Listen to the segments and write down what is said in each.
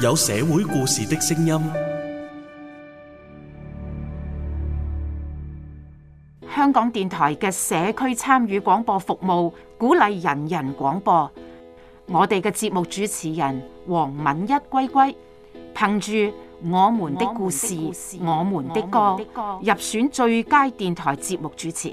有社會故事的聲音。香港電台嘅社區參與廣播服務，鼓勵人人廣播。Mm. 我哋嘅節目主持人黃敏一歸歸，憑住我們的故事、我們的故事、我們的歌，我們的歌入選最佳電台節目主持。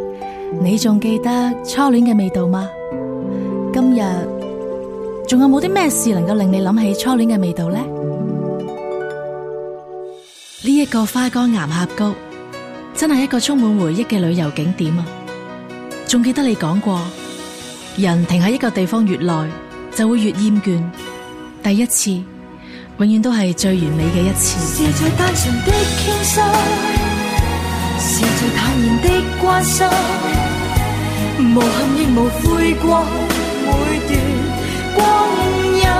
你仲記得初戀嘅味道嗎？今日仲有冇啲咩事能夠令你諗起初戀嘅味道呢？呢一 個花崗岩峽谷真係一個充滿回憶嘅旅遊景點啊！仲記得你講過，人停喺一個地方越耐，就會越厭倦。第一次永遠都係最完美嘅一次。是最坦然的關心，無憾亦無悔過每段光陰，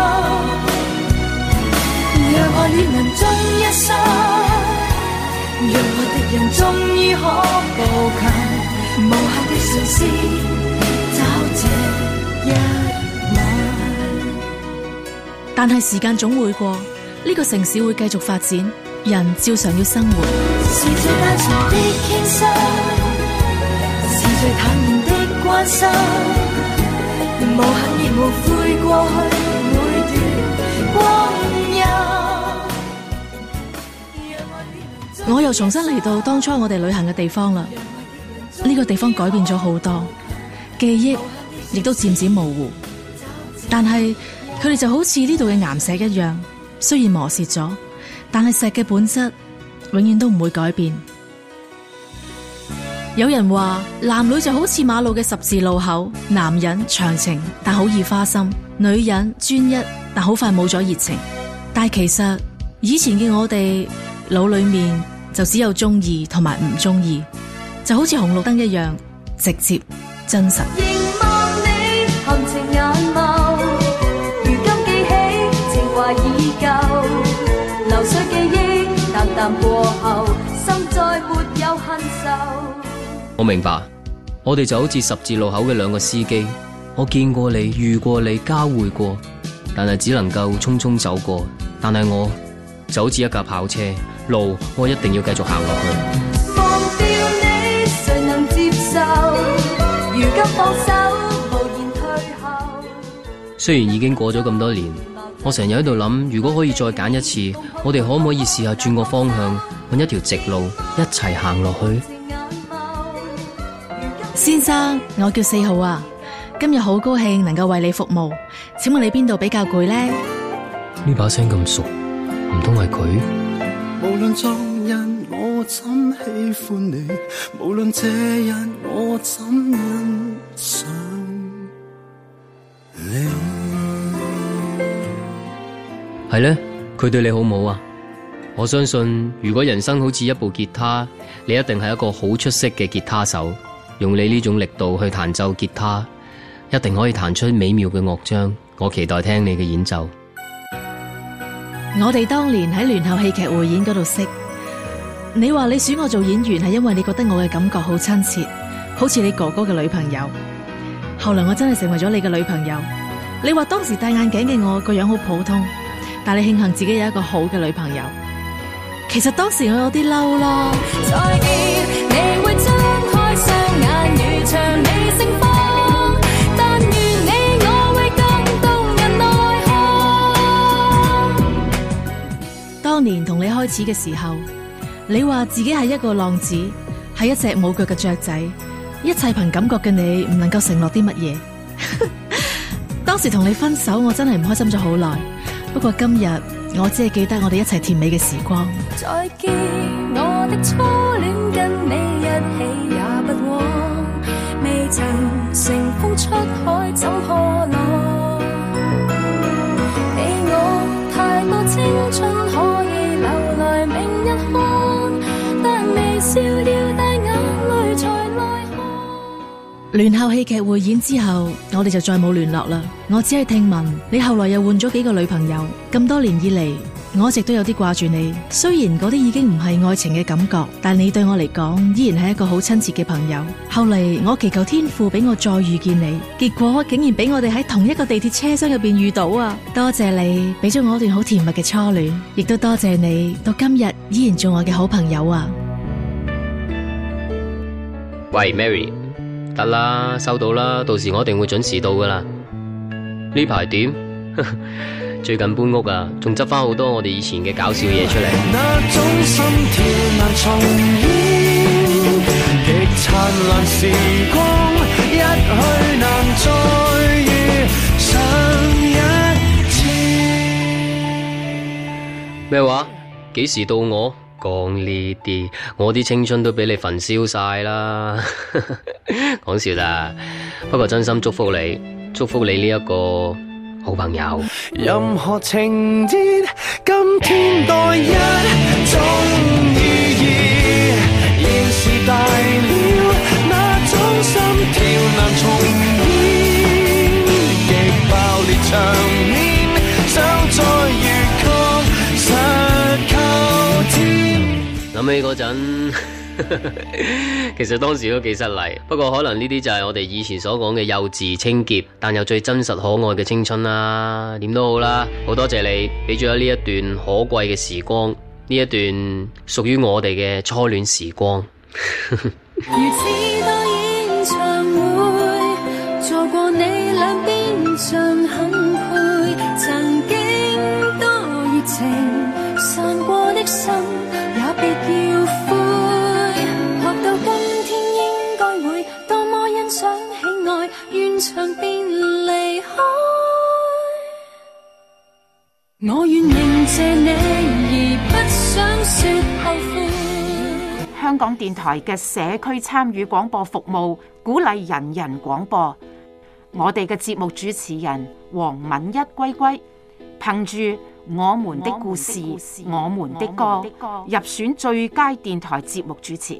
但係時間總會過，呢個城市會繼續發展。人照常要生活。我又重新嚟到當初我哋旅行嘅地方啦，呢個地方改變咗好多，記憶亦都漸漸模糊，但係佢哋就好似呢度嘅岩石一樣，雖然磨蝕咗。但係石嘅本質永遠都唔會改變。有人話男女就好似馬路嘅十字路口，男人長情但好易花心，女人專一但好快冇咗熱情。但其實以前嘅我哋腦裏面就只有中意同埋唔中意，就好似紅綠燈一樣，直接真實。凝望你。我明白，我哋就好似十字路口嘅兩個司機，我見過你，遇過你，交匯過，但係只能夠匆匆走過。但係我就好似一架跑車，路我一定要繼續行落去。放掉你，誰能接受，如今放手，無言退後。雖然已經過咗咁多年，我成日喺度諗，如果可以再揀一次，我哋可唔可以試下轉個方向，搵一條直路一齊行落去？先生，我叫四號啊！今日好高興能夠為你服務，請問你邊度比較攰呢？呢把聲咁熟，唔通係佢？無論昨日我怎喜歡你，無論這日我怎欣賞你，係呢？佢 對你好唔好啊？我相信，如果人生好似一部吉他，你一定係一個好出色嘅吉他手。用你呢種力度去彈奏吉他，一定可以彈出美妙嘅樂章。我期待聽你嘅演奏。我哋當年喺聯合戲劇會演嗰度識。你話你選我做演員係因為你覺得我嘅感覺好親切，好似你哥哥嘅女朋友。後來我真係成為咗你嘅女朋友。你話當時戴眼鏡嘅我個樣好普通，但你慶幸自己有一個好嘅女朋友。其實當時我有啲嬲咯。你，但願你我會感動人涵。當年同你開始嘅時候，你話自己係一個浪子，係一隻冇腳嘅雀仔，一切憑感覺嘅你不夠，唔能夠承諾啲乜嘢。當時同你分手，我真係唔開心咗好耐。不過今日，我只係記得我哋一齊甜美嘅時光。再見，我的初戀，跟你一起也不枉。聯校戲劇匯演之後，我哋就再冇聯絡啦。我只係聽聞你後來又換咗幾個女朋友。咁多年以嚟。我一直都有啲掛住你，雖然嗰啲已經唔係愛情嘅感覺，但你對我嚟講依然係一個好親切嘅朋友。後嚟我祈求天父俾我再遇見你，結果竟然俾我哋喺同一個地鐵車廂入邊遇到啊！多謝你俾咗我一段好甜蜜嘅初戀，亦都多謝你到今日依然做我嘅好朋友啊！喂，Mary，得啦，收到啦，到時我一定會準時到㗎喇。呢排點？ 最近搬屋啊，仲執翻好多我哋以前嘅搞笑嘢出嚟。咩話？幾時到我講呢啲？我啲青春都俾你焚燒晒啦！講笑啦，不過真心祝福你，祝福你呢一個。好朋友。任何情節，今天多一種意義。現時大了，那種心跳難重演。極爆裂場面，想再遇確實靠天。諗起嗰陣。 其實當時都幾失禮，不過可能呢啲就係我哋以前所講嘅幼稚、清潔，但又最真實可愛嘅青春啦、啊。點都好啦，好多謝你俾咗呢一段可貴嘅時光，呢一段屬於我哋嘅初戀時光。如此多演唱會，坐過你兩邊。我願你，而不想說後悔。香港電台嘅社區參與廣播服務，鼓勵人人廣播。我哋嘅節目主持人黃敏一歸歸，憑住我們的故事、我們的故事我們的歌，我們的歌入選最佳電台節目主持。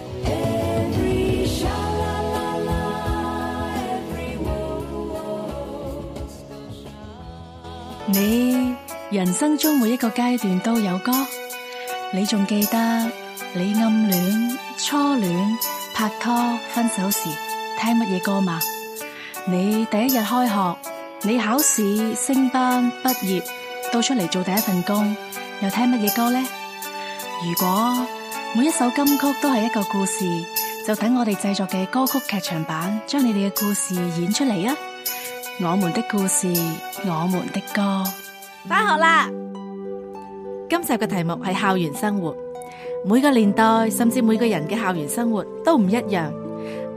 你人生中每一個階段都有歌，你仲記得你暗戀、初戀、拍拖、分手時聽乜嘢歌嗎？你第一日開學，你考試、升班、畢業，到出嚟做第一份工，又聽乜嘢歌咧？如果每一首金曲都係一個故事，就等我哋製作嘅歌曲劇場版，將你哋嘅故事演出嚟啊！我們的故事，我們的歌，返學啦！今集嘅題目係校園生活。每個年代，甚至每個人嘅校園生活都唔一樣。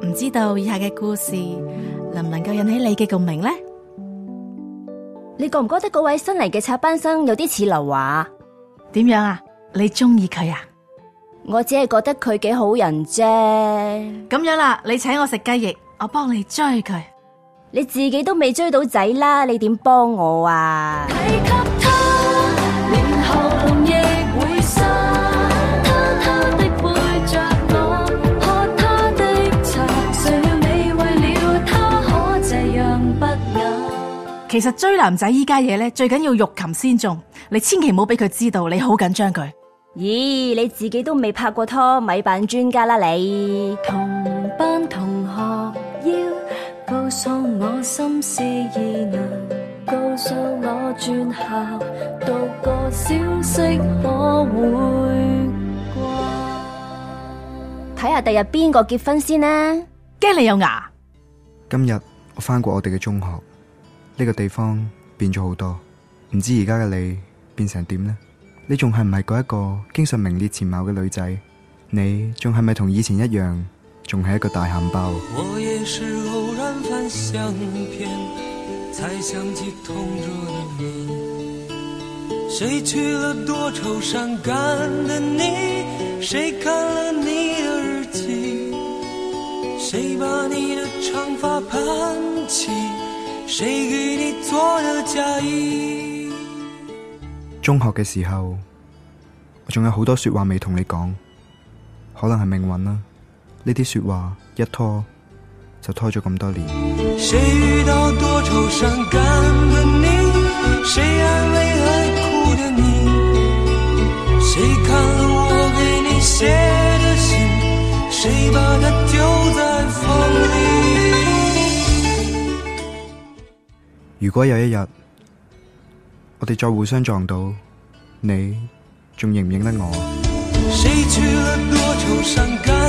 唔知道以下嘅故事能唔能夠引起你嘅共鳴呢？你覺唔覺得嗰位新嚟嘅插班生有啲似劉華？點樣啊？你中意佢啊？我只係覺得佢幾好人啫。咁樣啦，你請我食雞翼，我幫你追佢。你自己都未追到仔啦，你點幫我啊？其實追男仔依家嘢呢，最緊要欲擒先縱，你千祈唔好俾佢知道你好緊張佢。咦、欸，你自己都未拍過拖，咪扮專家啦你。告訴我心事，意能告訴我轉校，讀個消息可會？睇下第日邊個結婚先咧？驚你有牙？今日我翻過我哋嘅中學，呢個地方變咗好多，唔知而家嘅你變成點呢？你仲係唔係嗰一個經常名列前茅嘅女仔？你仲係咪同以前一樣？仲係一個大餡包。我也是偶然翻相片，才想起痛咗嘅你。中學嘅時候，我仲有好多說話未同你講，可能係命運啦。呢啲說話一拖就拖咗咁多年。誰遇到多愁傷感的你，誰安慰愛哭的你，誰看了我給你寫的信，誰把它丟在風裡。如果有一日我哋再互相撞到，你仲認唔認得我？誰去了多愁傷感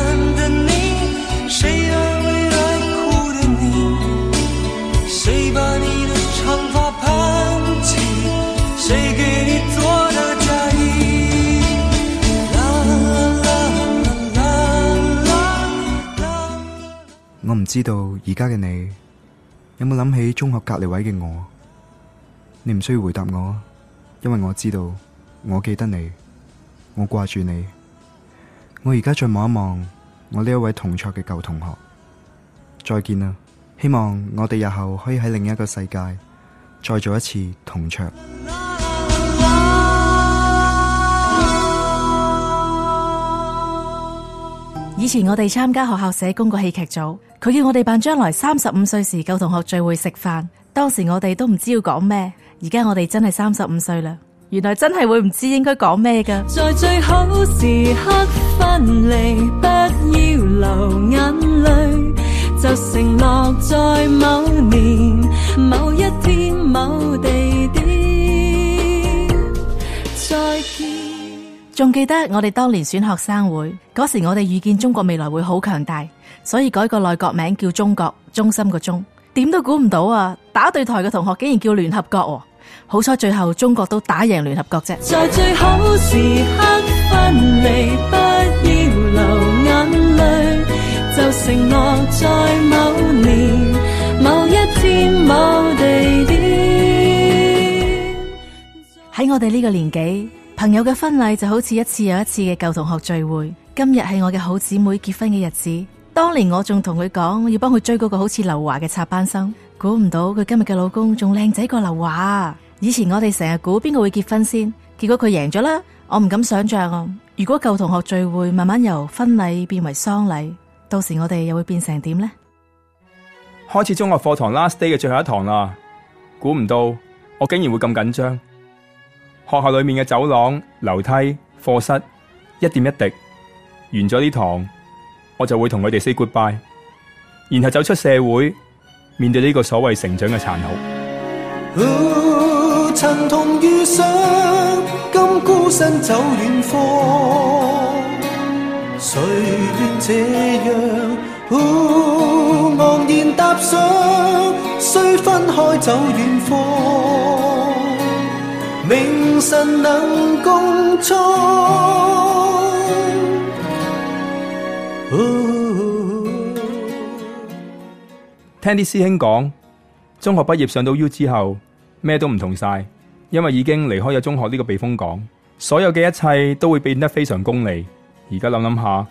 唔知道而家嘅你有冇諗起中學隔離位嘅我？你唔需要回答我，因為我知道，我記得你，我掛住你。我而家再望一望我呢一位同桌嘅舊同學，再見啦！希望我哋日後可以喺另一個世界再做一次同桌。以前我哋參加學校社工個戲劇組。佢叫我哋辦將來三十五歲時舊同學聚會食飯，當時我哋都唔知要講咩，而家我哋真係三十五歲啦，原來真係會唔知應該講咩噶。在最好時刻分離，不要流眼淚，就承諾在某年某一天某地點再見。仲記得我哋當年選學生會嗰時，我哋預見中國未來會好強大。所以改個內閣名叫中國，中心個中，點都估唔到啊！打對台嘅同學竟然叫聯合國喎，好彩最後中國都打贏聯合國啫。在最好時刻分離，不要流眼淚，就承諾在某年某一天某地點。喺我哋呢個年紀，朋友嘅婚禮就好似一次又一次嘅舊同學聚會。今日係我嘅好姊妹結婚嘅日子。當年我仲同佢講要幫佢追嗰個好似劉華嘅插班生，估唔到佢今日嘅老公仲靚仔過劉華。以前我哋成日估邊個會結婚先，結果佢贏咗啦。我唔敢想象，如果舊同學聚會慢慢由婚禮變為喪禮，到時我哋又會變成點呢？開始中學課堂 Last Day 嘅最後一堂啦，估唔到我竟然會咁緊張。學校裏面嘅走廊、樓梯、課室，一點一滴完咗呢堂。我就會同佢哋 say goodbye，然後走出社會，面對呢個所謂成長嘅殘酷。曾、哦、同遇上，今孤身走遠方。誰願這樣？茫、哦、然踏上，雖分開走遠方，明晨能共創。聽啲師兄講，中學畢業上到 U 之後，咩都唔同晒，因為已經離開咗中學呢個避風港，所有嘅一切都會變得非常功利。而家諗諗下，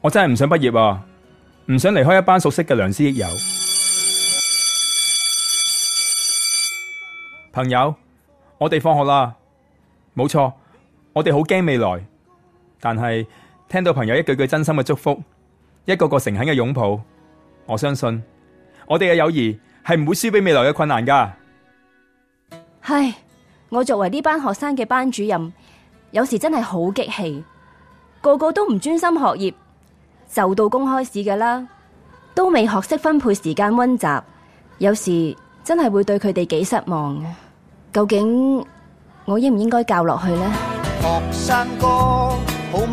我真係唔想畢業啊，唔想離開一班熟悉嘅良師益友。朋友，我哋放學啦，冇錯，我哋好驚未來，但係。聽到朋友一句句真心嘅祝福，一個個誠懇嘅擁抱，我相信我哋嘅友誼係唔會輸俾未來嘅困難噶。唉，我作為呢班學生嘅班主任，有時真係好激氣，個個都唔專心學業，就到公開試噶啦，都未學識分配時間溫習，有時真係會對佢哋幾失望。究竟我應唔應該教落去呢？學生哥。住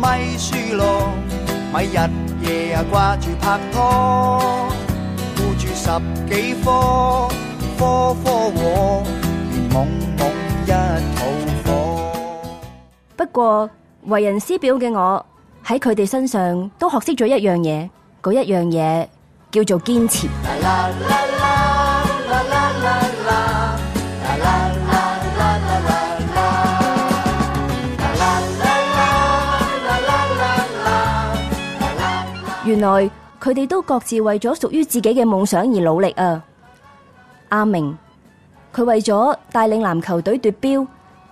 不過，為人師表嘅我喺佢哋身上都學識咗一樣嘢，嗰一樣嘢叫做堅持。原來佢哋都各自為咗屬於自己嘅夢想而努力啊！阿明，佢為咗帶領籃球隊奪標，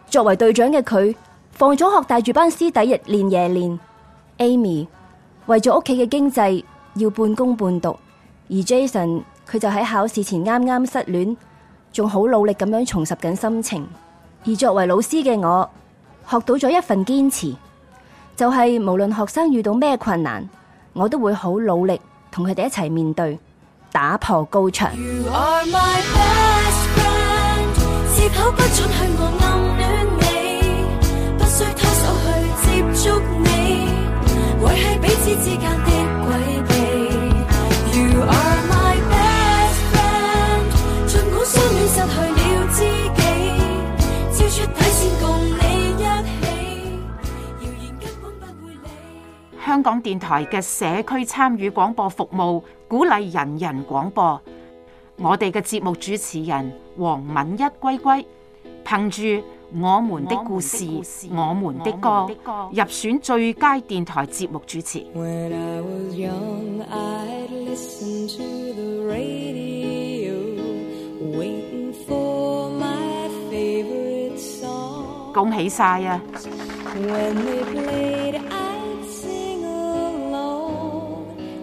作為隊長嘅佢放咗學帶住班師弟日練夜練。Amy 為咗屋企嘅經濟，要半工半讀。而 Jason 佢就喺考試前啱啱失戀，仲好努力咁樣重拾緊心情。而作為老師嘅我，學到咗一份堅持，就係無論學生遇到咩困難。我都會好努力同佢哋一齊面對，打破高牆。You are my best friend，是否不準去我暗戀你？不需拖手去接觸你，維係彼此之間的詭秘。You are my best friend，儘管相戀失去。香港電台嘅社區參與廣播服務，鼓勵人人廣播。我哋嘅節目主持人黃敏一歸歸，憑住我們的故事、我們的歌，入選最佳電台節目主持。恭喜晒啊！